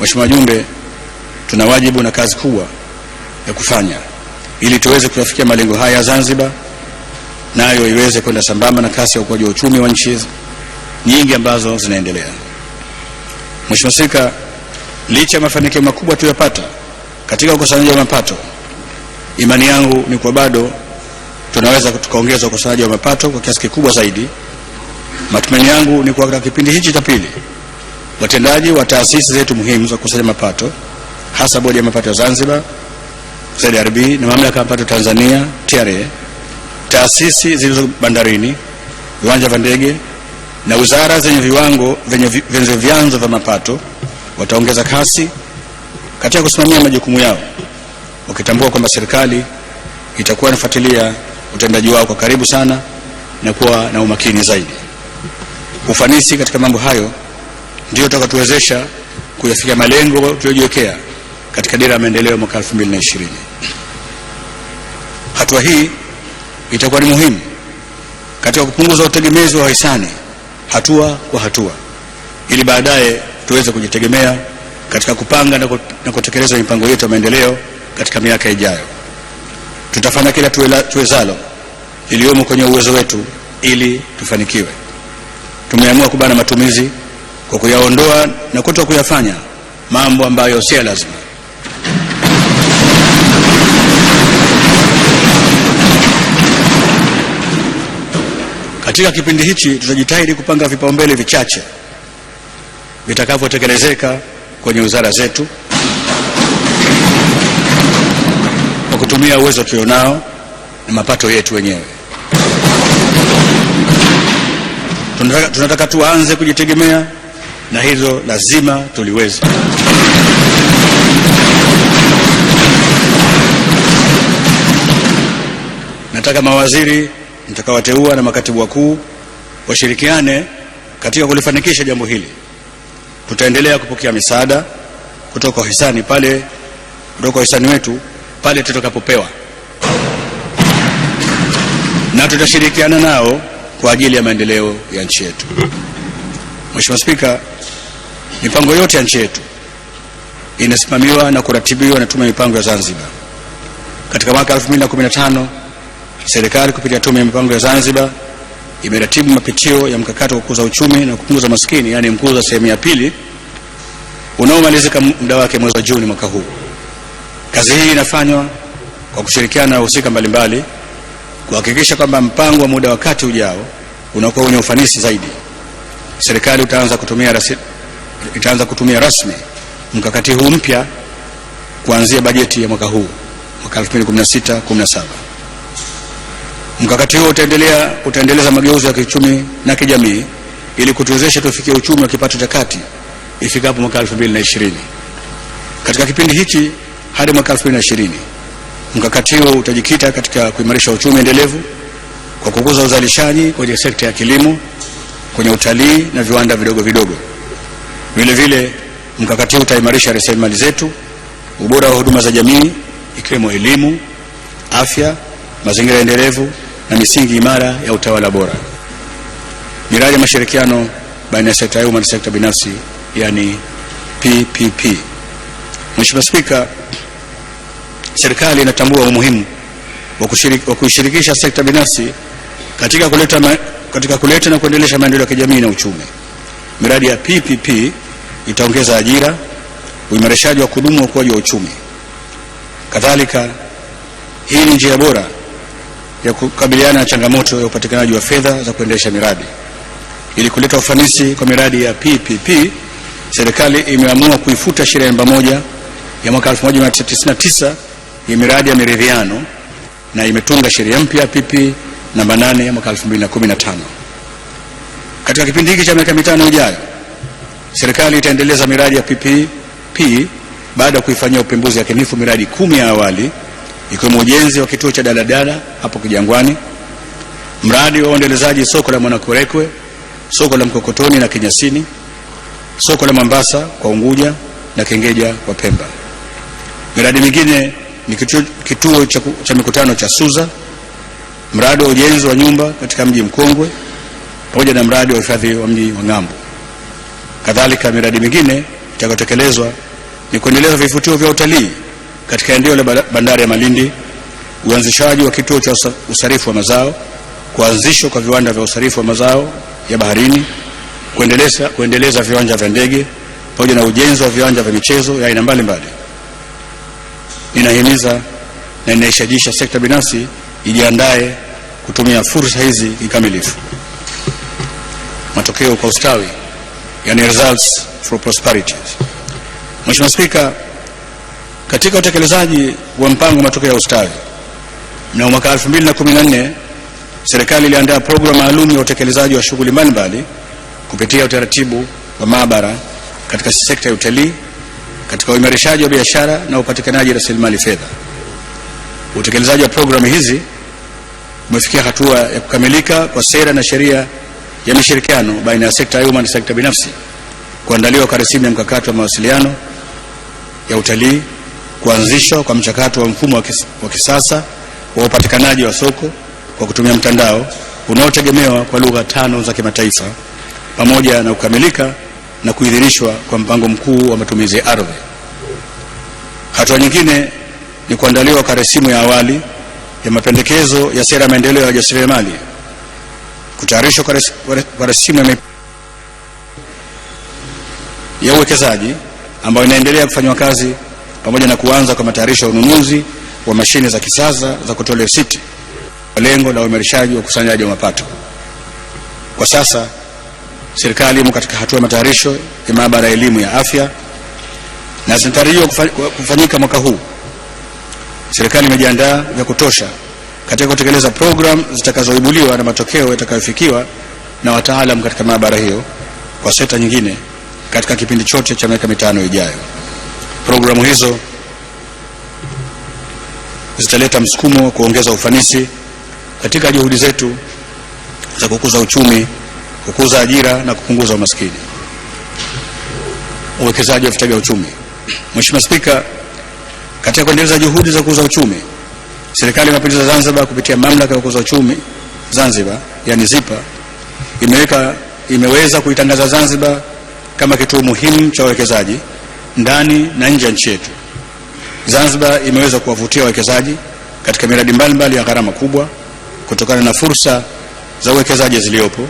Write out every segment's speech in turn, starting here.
Mheshimiwa wajumbe, tuna wajibu na kazi kubwa ya kufanya ili tuweze kuyafikia malengo haya ya Zanzibar, nayo na iweze kwenda sambamba na kasi ya ukuaji wa uchumi wa nchi nyingi ambazo zinaendelea. Mheshimiwa Spika, licha ya mafanikio makubwa tuliyopata katika ukusanyaji wa mapato, imani yangu ni kwa bado tunaweza tukaongeza ukusanyaji wa mapato kwa kiasi kikubwa zaidi. Matumaini yangu ni kwa kipindi hichi cha pili watendaji wa taasisi zetu muhimu za kukusanya mapato hasa bodi ya mapato ya Zanzibar ZRB na mamlaka ya mapato Tanzania TRA, taasisi zilizo bandarini, viwanja vya ndege na wizara zenye viwango vyenye vyanzo vya mapato wataongeza kasi katika kusimamia majukumu yao, wakitambua kwamba serikali itakuwa inafuatilia utendaji wao kwa karibu sana na kuwa na umakini zaidi. Ufanisi katika mambo hayo ndio takatuwezesha kuyafikia malengo tuliyojiwekea katika dira ya maendeleo mwaka 2020. Hatua hii itakuwa ni muhimu katika kupunguza utegemezi wa hisani hatua kwa hatua, ili baadaye tuweze kujitegemea katika kupanga na kutekeleza mipango yetu ya maendeleo katika miaka ijayo. Tutafanya kila tuwezalo iliyomo kwenye uwezo wetu ili tufanikiwe. Tumeamua kubana matumizi kwa kuyaondoa na kuto kuyafanya mambo ambayo si lazima. Katika kipindi hichi tutajitahidi kupanga vipaumbele vichache vitakavyotekelezeka kwenye wizara zetu kwa kutumia uwezo tulionao na mapato yetu wenyewe. Tunataka, tunataka tuanze kujitegemea na hilo lazima tuliweza. Nataka mawaziri mtakawateua na makatibu wakuu washirikiane katika kulifanikisha jambo hili. Tutaendelea kupokea misaada kutoka hisani pale kutoka hisani wetu pale tutakapopewa, na tutashirikiana nao kwa ajili ya maendeleo ya nchi yetu. Mheshimiwa Spika. Mipango yote ya nchi yetu inasimamiwa na kuratibiwa na Tume ya Mipango ya Zanzibar. Katika mwaka 2015 serikali kupitia Tume ya Mipango ya Zanzibar imeratibu mapitio ya mkakati wa kukuza uchumi na kupunguza maskini, yani mkuza sehemu ya pili unaomalizika muda wake mwezi wa Juni mwaka huu. Kazi hii inafanywa kwa kushirikiana na wahusika mbalimbali kuhakikisha kwamba mpango wa muda wakati ujao unakuwa wenye ufanisi zaidi. Serikali utaanza kutumia itaanza kutumia rasmi mkakati huu mpya kuanzia bajeti ya mwaka huu mwaka 2016 17. Mkakati huo utaendelea utaendeleza mageuzi ya kiuchumi na kijamii ili kutuwezesha tufikie uchumi wa kipato cha kati ifikapo mwaka 2020. Katika kipindi hiki hadi mwaka 2020, mkakati huo utajikita katika kuimarisha uchumi endelevu kwa kukuza uzalishaji kwenye sekta ya kilimo, kwenye utalii na viwanda vidogo vidogo. Vile vile mkakati huu utaimarisha rasilimali zetu, ubora wa huduma za jamii ikiwemo elimu, afya, mazingira endelevu na misingi imara ya utawala bora. Miradi ya mashirikiano baina ya sekta ya umma na sekta binafsi, yani PPP. mweshimua Spika, serikali inatambua umuhimu wa kuishirikisha sekta binafsi katika kuleta, ma, katika kuleta na kuendelesha maendeleo ya kijamii na uchumi. Miradi ya PPP itaongeza ajira, uimarishaji wa kudumu wa ukuaji wa uchumi. Kadhalika, hii ni njia bora ya kukabiliana na changamoto ya upatikanaji wa fedha za kuendesha miradi. Ili kuleta ufanisi kwa miradi ya PPP, serikali imeamua kuifuta sheria namba moja ya mwaka 1999 ya miradi ya maridhiano na imetunga sheria mpya PP namba 8 ya mwaka 2015. Katika kipindi hiki cha miaka mitano ijayo Serikali itaendeleza miradi ya PPP baada ya kuifanyia upembuzi yakinifu miradi kumi ya awali ikiwemo ujenzi wa kituo cha daladala hapo Kijangwani, mradi wa uendelezaji soko la Mwanakwerekwe, soko la Mkokotoni na Kinyasini, soko la Mambasa kwa Unguja na Kengeja kwa Pemba. Miradi mingine ni kituo, kituo cha, cha mikutano cha Suza, mradi wa ujenzi wa nyumba katika mji mkongwe pamoja na mradi wa hifadhi wa mji wa Ng'ambo. Kadhalika, miradi mingine itakayotekelezwa ni kuendeleza vivutio vya utalii katika eneo la bandari ya Malindi, uanzishaji wa kituo cha usarifu wa mazao, kuanzishwa kwa viwanda vya usarifu wa mazao ya baharini, kuendeleza, kuendeleza viwanja vya ndege pamoja na ujenzi wa viwanja vya michezo ya aina mbalimbali. Ninahimiza na ninaishajisha sekta binafsi ijiandae kutumia fursa hizi kikamilifu. Matokeo kwa ustawi yani results for prosperity. Mheshimiwa Spika, katika utekelezaji wa mpango matokeo ya ustawi mnamo mwaka 2014 serikali iliandaa programu maalum ya utekelezaji wa shughuli mbalimbali kupitia utaratibu wa maabara katika sekta ya utalii katika uimarishaji wa biashara na upatikanaji rasilimali fedha. Utekelezaji wa programu hizi umefikia hatua ya kukamilika kwa sera na sheria ya mishirikiano baina ya sekta ya umma na sekta binafsi, kuandaliwa kwa rasimu ya mkakati wa mawasiliano ya utalii, kuanzishwa kwa mchakato wa mfumo wa kisasa wa upatikanaji wa soko kwa kutumia mtandao unaotegemewa kwa lugha tano za kimataifa, pamoja na kukamilika na kuidhinishwa kwa mpango mkuu wa matumizi ya ardhi. Hatua nyingine ni kuandaliwa kwa rasimu ya awali ya mapendekezo ya sera ya maendeleo ya wajasiriamali Kutayarishwa kwa rasimu ya uwekezaji ambayo inaendelea kufanywa kazi pamoja na kuanza kwa matayarisho ya ununuzi wa mashine za kisasa za kutoa risiti kwa lengo la uimarishaji wa ukusanyaji wa mapato. Kwa sasa serikali imo katika hatua ya matayarisho ya maabara ya elimu ya afya na zinatarajiwa kufanyika mwaka huu. Serikali imejiandaa vya kutosha katika kutekeleza program zitakazoibuliwa na matokeo yatakayofikiwa na wataalam katika maabara hiyo kwa sekta nyingine katika kipindi chote cha miaka mitano ijayo. Programu hizo zitaleta msukumo wa kuongeza ufanisi katika juhudi zetu za kukuza uchumi, kukuza ajira na kupunguza umaskini. Uwekezaji wa vitega uchumi. Mheshimiwa Spika, katika kuendeleza juhudi za kukuza uchumi Serikali ya Mapinduzi ya Zanzibar kupitia mamlaka ya kukuza uchumi Zanzibar, yani ZIPA, imeweka imeweza kuitangaza Zanzibar kama kituo muhimu cha wawekezaji ndani na nje ya nchi yetu. Zanzibar imeweza kuwavutia wawekezaji katika miradi mbalimbali ya gharama kubwa kutokana na fursa za uwekezaji ziliyopo,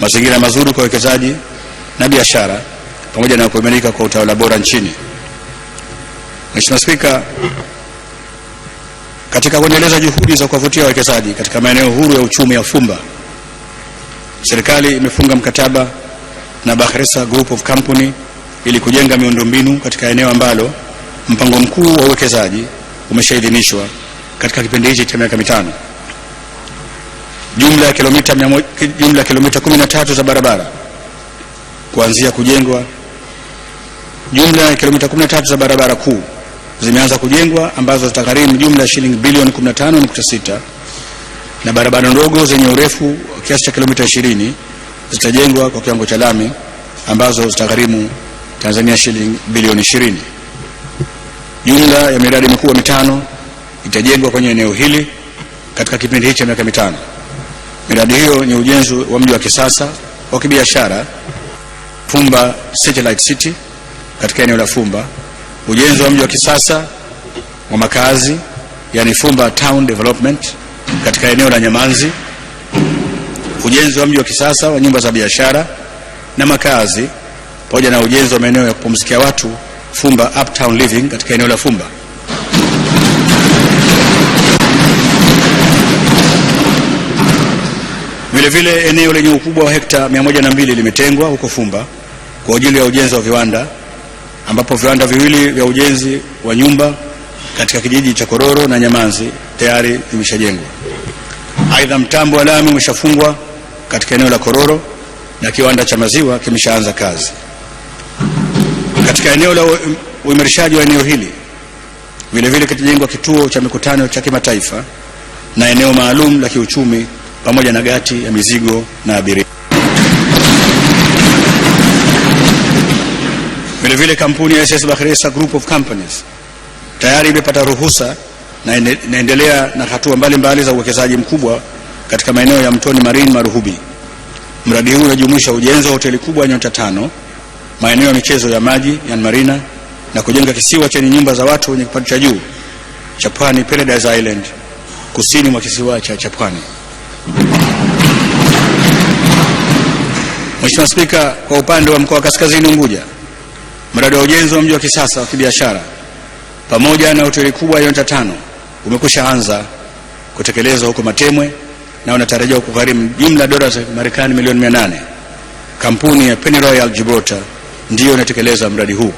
mazingira mazuri kwa wawekezaji na biashara, pamoja na kuimarika kwa utawala bora nchini. Mheshimiwa Spika, katika kuendeleza juhudi za kuwavutia wawekezaji katika maeneo huru ya uchumi ya Fumba, serikali imefunga mkataba na Bakhresa Group of Company ili kujenga miundombinu katika eneo ambalo mpango mkuu wa uwekezaji umeshaidhinishwa katika kipindi hichi cha miaka mitano. Jumla ya kilomita jumla ya kilomita 13 za barabara kuanzia kujengwa, jumla ya kilomita 13 za barabara kuu zimeanza kujengwa ambazo zitagharimu jumla ya shilingi bilioni 15.6 na barabara ndogo zenye urefu kiasi cha kilomita 20 zitajengwa kwa kiwango cha lami ambazo zitagharimu Tanzania shilingi bilioni 20. Jumla ya miradi mikubwa mitano itajengwa kwenye eneo hili katika kipindi hichi cha miaka mitano. Miradi hiyo ni ujenzi wa mji wa kisasa wa kibiashara Fumba Satellite City katika eneo la Fumba ujenzi wa mji wa kisasa wa makazi yani Fumba Town Development katika eneo la Nyamanzi, ujenzi wa mji wa kisasa wa nyumba za biashara na makazi pamoja na ujenzi wa maeneo ya kupumzikia watu Fumba Uptown Living katika eneo la Fumba. Vile vile eneo lenye ukubwa wa hekta 102 limetengwa huko Fumba kwa ajili ya ujenzi wa viwanda ambapo viwanda viwili vya ujenzi wa nyumba katika kijiji cha Kororo na Nyamanzi tayari vimeshajengwa. Aidha, mtambo wa lami umeshafungwa katika eneo la Kororo na kiwanda cha maziwa kimeshaanza kazi. Katika eneo la uimarishaji wa eneo hili vilevile kitajengwa kituo cha mikutano cha kimataifa na eneo maalum la kiuchumi pamoja na gati ya mizigo na abiria. Vile vile kampuni ya SS Bakhresa Group of Companies tayari imepata ruhusa na inaendelea na hatua mbalimbali za uwekezaji mkubwa katika maeneo ya Mtoni Marine Maruhubi. Mradi huu unajumuisha ujenzi wa hoteli kubwa nyota tano, maeneo ya michezo ya maji ya marina, na kujenga kisiwa chenye nyumba za watu wenye kipato cha juu cha pwani, Paradise Island, kusini mwa kisiwa cha chapwani Mheshimiwa Spika, kwa upande wa mkoa wa Kaskazini Unguja Mradi wa ujenzi wa mji wa kisasa wa kibiashara pamoja na hoteli kubwa ya nyota tano umekusha anza kutekelezwa huko Matemwe na unatarajiwa kugharimu jumla dola za Marekani milioni 800. Kampuni ya Penny Royal Gibraltar ndiyo inatekeleza mradi huu.